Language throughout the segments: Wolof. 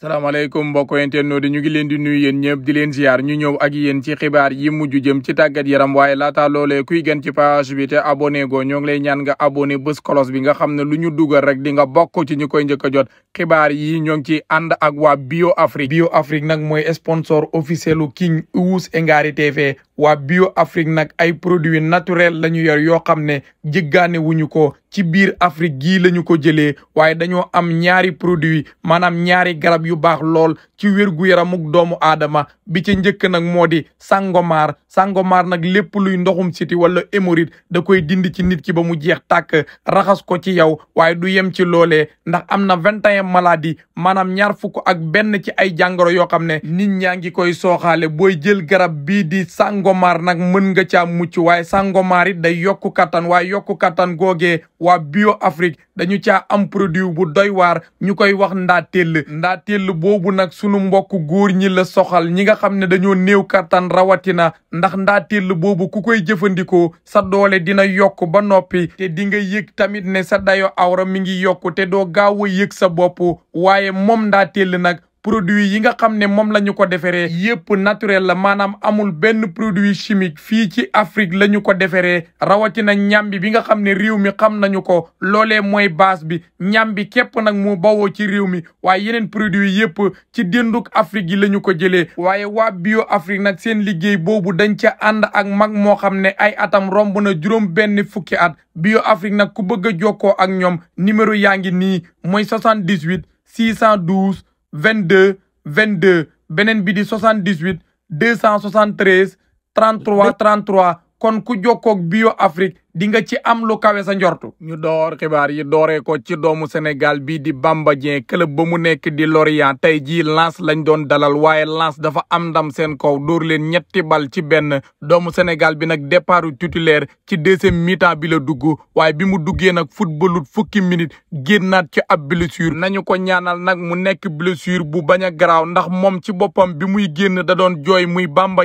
salaamaaleykum mbokk internet ñu ngi leen di nuyu yéen ñëpp di leen ziar ñu ak yéen ci xibaar yi mujj jëm ci tàggat yaram waaye laata loolee kuy gën ci page bi te abonné go ñoo ngi lay ñaan nga abonné bés kolos bi nga xam ne lu ñu dugal rek dinga nga bokk ci ñu koy njëkk a jot xibaar yi ñoo ngi ci ànd ak waa Bio Afrique Bio Afrique nag mooy sponsor officielu King Ouse Ngary TV waa bio Afrique nag ay produit naturels la ñu yor yoo xam ne jéggaane wuñu ko ci biir Afrique gii lañu ko jëlee waaye dañoo am ñaari produits maanaam ñaari garab yu baax lool ci wérgu yaramuk doomu aadama bi ci njëkk nag moo di sangomar sangomar nag lépp luy ndoxum siti wala hémorroïde da koy dindi ci nit ki ba mu jeex tàkk raxas ko ci yow waaye du yem ci loole ndax am na vingt et un maladies maanaam ñaar fukk ak benn ci ay jàngoro yoo xam ne nit ñaa ngi koy sooxaale booy jël garab bii di sango sangomar nag mën nga caa mucc waaye sangomar it day yokku kattan waaye yokku kattan googee waa bio afrique dañu caa am produit bu doy waar ñu koy wax ndaa tell ndaa tell boobu nag sunu mbokku góor ñi la soxal ñi nga xam ne dañoo néew kattan rawatina ndax ndaa tell boobu ku koy jëfandikoo sa doole dina yokk ba noppi te di nga yëg tamit ne sa dayo awra mi ngi yokku te doo gaaw a yëg sa bopp waaye moom ndaa tell nag produits yi nga xam ne moom la ñu ko deferee yépp naturel la maanaam amul benn produit chimique fii ci Afrique la ñu ko deferee rawatina ñambi bi nga xam ne réew mi xam nañu ko loolee mooy base bi ñambi képp nag mu bawoo ci réew mi waaye yeneen produit yépp ci dénduk Afrique yi la ñu ko jëlee waaye waa bio Afrique nag seen liggéey boobu dañ ca ànd ak mag moo xam ne ay atam romb na juróom benn fukki at bio Afrique nag ku bëgg a jokkoo ak ñoom numéro yaa ngi nii mooy 78 612 vingt deux vingt deux beneen bi di soixante dix huit deux cent soixante treize trente trois trente trois kon ku jokkoog bio Afrique di nga ci am lu kawe sa njortu. ñu door xibaar yi dooree ko ci doomu Sénégal bii di Bamba Dieng ba mu nekk di Lorient tey jii Lens lañ doon dalal waaye Lens dafa am ndam seen kaw dóor leen ñetti bal ci benn doomu Sénégal bi nag départu titulaire ci deuxième mi-temps bi la dugg waaye bi mu duggee nag footballut fukki minute génnaat ci ab blessure. nañu ko ñaanal nag mu nekk blessure bu bañ a garaaw ndax moom ci boppam bi muy génn da doon jooy muy Bamba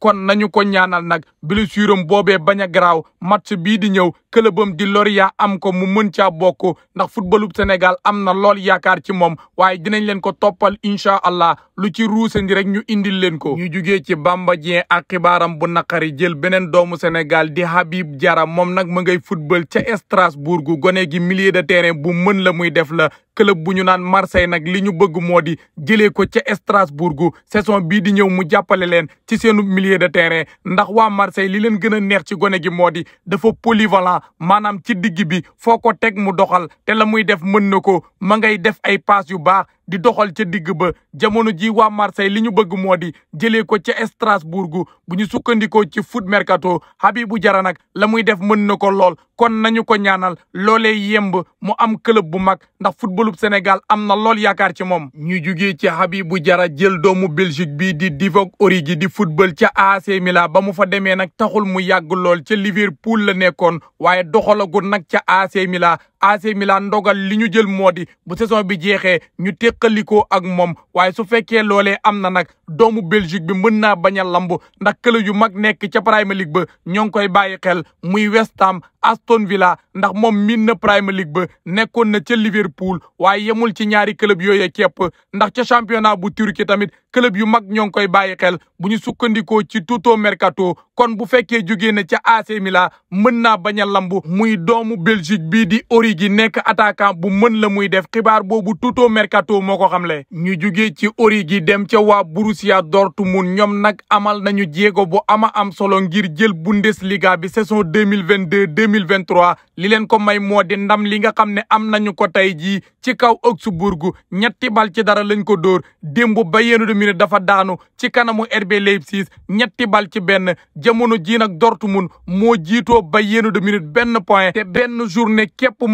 kon nañu ko ñaanal nag blessure am boobee bañ a garaaw match bii di ñëw këlëbam di Loria am ko mu mën caa bokk ndax footballub Sénégal am na lool yaakaar ci moom waaye dinañ leen ko toppal incha allah lu ci ruusandi rek ñu indil leen ko. ñu jugee ci Bamba ak xibaaram bu naqari jël beneen doomu Sénégal di Habib jara moom nag ma ngay football ca Strasbourg gu gone gi milier de terrain bu mën la muy def la. club bu ñu naan Marseille nag li ñu bëgg moo di jëlee ko ca Strasbourg saison bii di ñëw mu jàppale leen ci seenu milieu de terrain ndax waa Marseille li leen gën a neex ci gone gi moo di droit maanaam ci digg bi foo ko teg mu doxal te muy def mën na ko ma ngay def ay paas yu baax di doxal ca digg ba jamono ji waa Marseille li ñu bëgg moo di jëlee ko ca Strasbourg bu ñu sukkandikoo ci foot mercato Habibou Diarra nag la muy def mën na ko lool kon nañu ko ñaanal loole yemb mu am club bu mag ndax footballub Sénégal am na lool yaakaar ci moom. ñu jugee ci Habibou Diarra jël doomu Belgique bi di di Divock Origi di football ca AC Milan ba mu fa demee nag taxul mu yàgg lool ca Liverpool la nekkoon waaye doxalagut nag ca AC Milan AC Milan ndogal li ñu jël moo di bu saison bi jeexee ñu teqalikoo ak moom waaye su fekkee loolee am na nag doomu Belgique bi mën naa bañ a lamb ndax club yu mag nekk ca Premier League ba ñoo ngi koy bàyyi xel muy West Ham Aston Villa ndax moom miin na Premier League ba nekkoon na ca Liverpool waaye yemul ci ñaari club yooyu képp ndax ca bu Turquie tamit club yu mag ñoo ngi koy bàyyi xel bu ñu sukkandikoo ci Tutto Mercato kon bu fekkee jógee na ca AC Milan mën naa bañ a lamb muy doomu Belgique bi di Ori guy gi nekk attaquant bu mën la muy def xibaar boobu Tutto Mercato moo ko xamle ñu jugee ci ori gi dem ca waa Borussia Dortmund ñoom nag amal nañu jéego bu ama am solo ngir jël Bundesliga bi saison 2022 2023 li leen ko may moo di ndam li nga xam ne am nañu ko tey jii ci kaw Augsburg ñetti bal ci dara lañ ko dóor démb Bayern de Munich dafa daanu ci kanamu RB Leipzig ñetti bal ci benn jamono jii nag mun moo jiitoo Bayern de Munich benn point te benn journée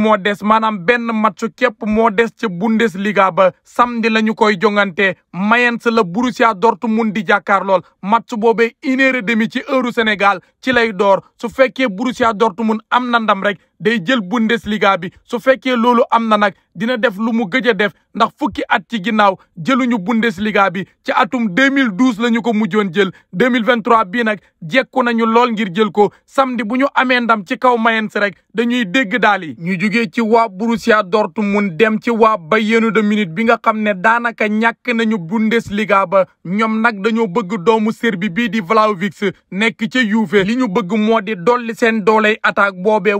moo des maanaam benn match képp moo des ca Bundesliga ba samedi la ñu koy jongante Mayence la Borussia mun di jàkkaarlool match boobee une heure et ci heure Sénégal ci lay door su fekkee Borussia mun am na ndam rek day jël Bundesliga bi su fekkee loolu am na nag dina def lu mu gëj a def ndax fukki at ci ginnaaw jëluñu Bundesliga bi ci atum 2012 la ñu ko mujjoon jël 2023 bii nag jekku nañu lool ngir jël ko samedi bu ñu amee ndam ci kaw Mainz rek dañuy dégg daal yi ñu jugee ci waa Borussia mun dem ci ba Bayern de Munich bi nga xam ne daanaka ñàkk nañu Bundesliga ba ñoom nag dañoo bëgg doomu Serbi bii di Vlahovic nekk ci Juve li ñu bëgg moo di dolli seen dooley attaque boobee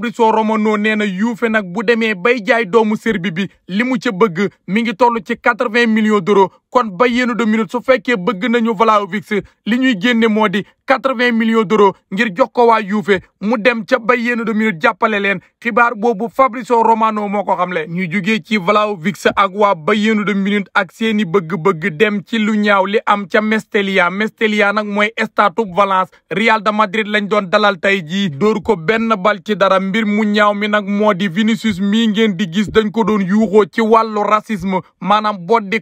Fabrizio Romano nee na yuufe nag bu demee bay jaay doomu Serbi bi li mu ca bëgg mi ngi toll ci quatre-vingts millions d'euros kon Bayern de Munich su fekkee bëgg nañu Vlahovic li ñuy génne moo di quatre-vingts millions d'euros ngir jox ko waa Juve mu dem ca Bayern de Munich jàppale leen xibaar boobu Fabrizio Romano moo ko xamle. ñu jugee ci Vlahovic ak wa Bayern de Munich ak seeni bëgg-bëgg dem ci lu ñaaw li am ca Mestalla Mestalla nag mooy stade Valence Real de Madrid lañ doon dalal tey jii. dóor ko benn bal ci dara mbir mu ñaaw mi nag moo di Vinicius mii ngeen di gis dañ ko doon yuuxoo ci wàllu racisme maanaam boo di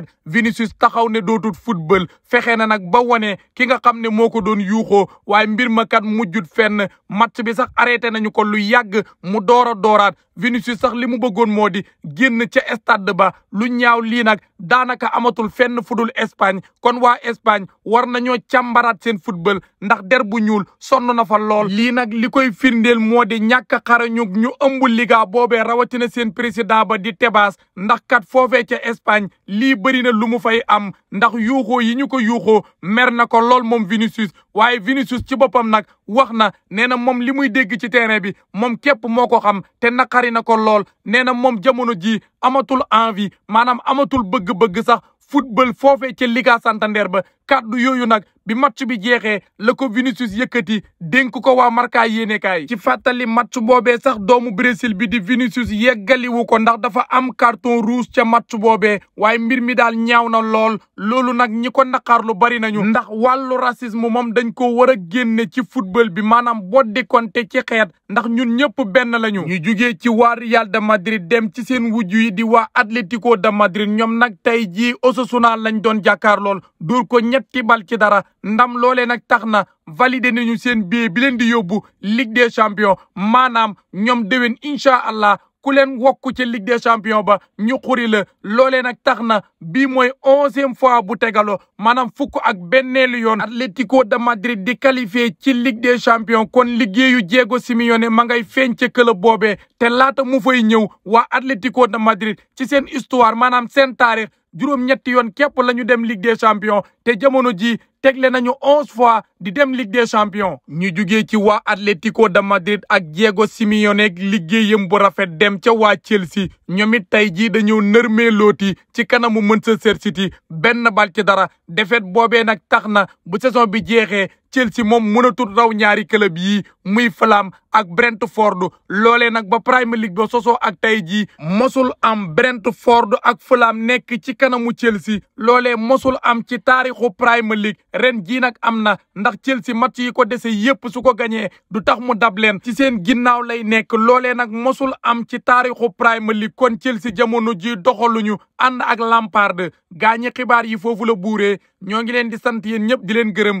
retraite Vinicius taxaw ne dootul football fexe na nag ba wane ki nga xam ne moo ko doon yuuxoo waaye mbir ma kat mujjut fenn match bi sax arrêté nañu ko lu yàgg mu door a dooraat Vinicius sax li mu bëggoon moo di génn ca stade ba lu ñaaw lii nag daanaka amatul fenn fudul Espagne kon waa Espagne war nañoo càmbaraat seen football ndax der bu ñuul sonn na fa lool. lii nag li koy firndeel moo di ñàkk xarañu ñu ëmb liga boobe rawatina seen président ba di Tebas ndax kat foofee ca Espagne lii bëri na lu mu fay am ndax yuuxoo yi ñu ko yuuxoo mer na ko lool moom Vinicius waaye Vinicius ci boppam nag wax na nee na moom li muy dégg ci terrain bi moom képp moo ko xam te naqari na ko lool nee na moom jamono ji amatul envie maanaam amatul bëgg-bëgg sax football foofee ca Liga Santander ba kàddu yooyu nag bi match bi jeexee la ko Vinicius yëkkati dénk ko waa Marca yéenekaay ci fàttali match boobee sax doomu Brésil bi di Vinicius yeggaliwu ko ndax dafa am carton rouge ca match boobee waaye mbir mi daal ñaaw na lool loolu nag ñi ko naqar lu bari nañu ndax wàllu rasisme moom dañ ko war a génne ci football bi maanaam boddi konte ci xeet ndax ñun ñëpp benn lañu ñu jugee ci waa Real de Madrid dem ci seen wujju yi di waa Atlético de Madrid ñoom nag tey jii Osasuna lañ doon jàkkaar lool ko ñetti bal ci dara ndam loole nag tax na validé nañu seen billet bi leen di yóbbu Ligue des champions maanaam ñoom déwén incha allah ku leen wokku ci Ligue des champions ba ñu xuri la loolee nag tax na bii mooy onzième fois bu tegalo maanaam fukk ak benneelu yoon Atlético de Madrid di qualifié ci Ligue des champions kon liggéeyu Diego Simeone ma ngay feeñ ca club boobee te laata mu fay ñëw waa Atlético de Madrid ci seen histoire maanaam seen taarix juróom-ñetti yoon képp la ñu dem Ligue des champions te jamono ji tegle nañu onze fois di dem Ligue des champions ñu jugee ci waa Atlético de Madrid ak Diego Simeone ak liggéeyam bu rafet dem ca waa Chelsea ñoom it tey jii dañoo nërmee looti ci kanamu Manchester City benn bal ci dara défaite boobee nag tax na bu saison bi jeexee Chelsea moom mënatul raw ñaari club yi muy Fulham ak Brentford loolee nag ba Premier League ba soso ak tey jii mosul am Brentford ak Fulham nekk ci kanamu Chelsea loolee mosul am ci taarixu Premier League ren jii nag am na ndax Chelsea mat yi ko dese yépp su ko gañee du tax mu dab leen ci seen ginnaaw lay nekk loolee nag mosul am ci taarixu Premier League kon Chelsea jamono ji doxaluñu ànd ak Lampard gaañi xibaar yi foofu la buuree ñoo ngi leen di sant yéen ñëpp di leen gërëm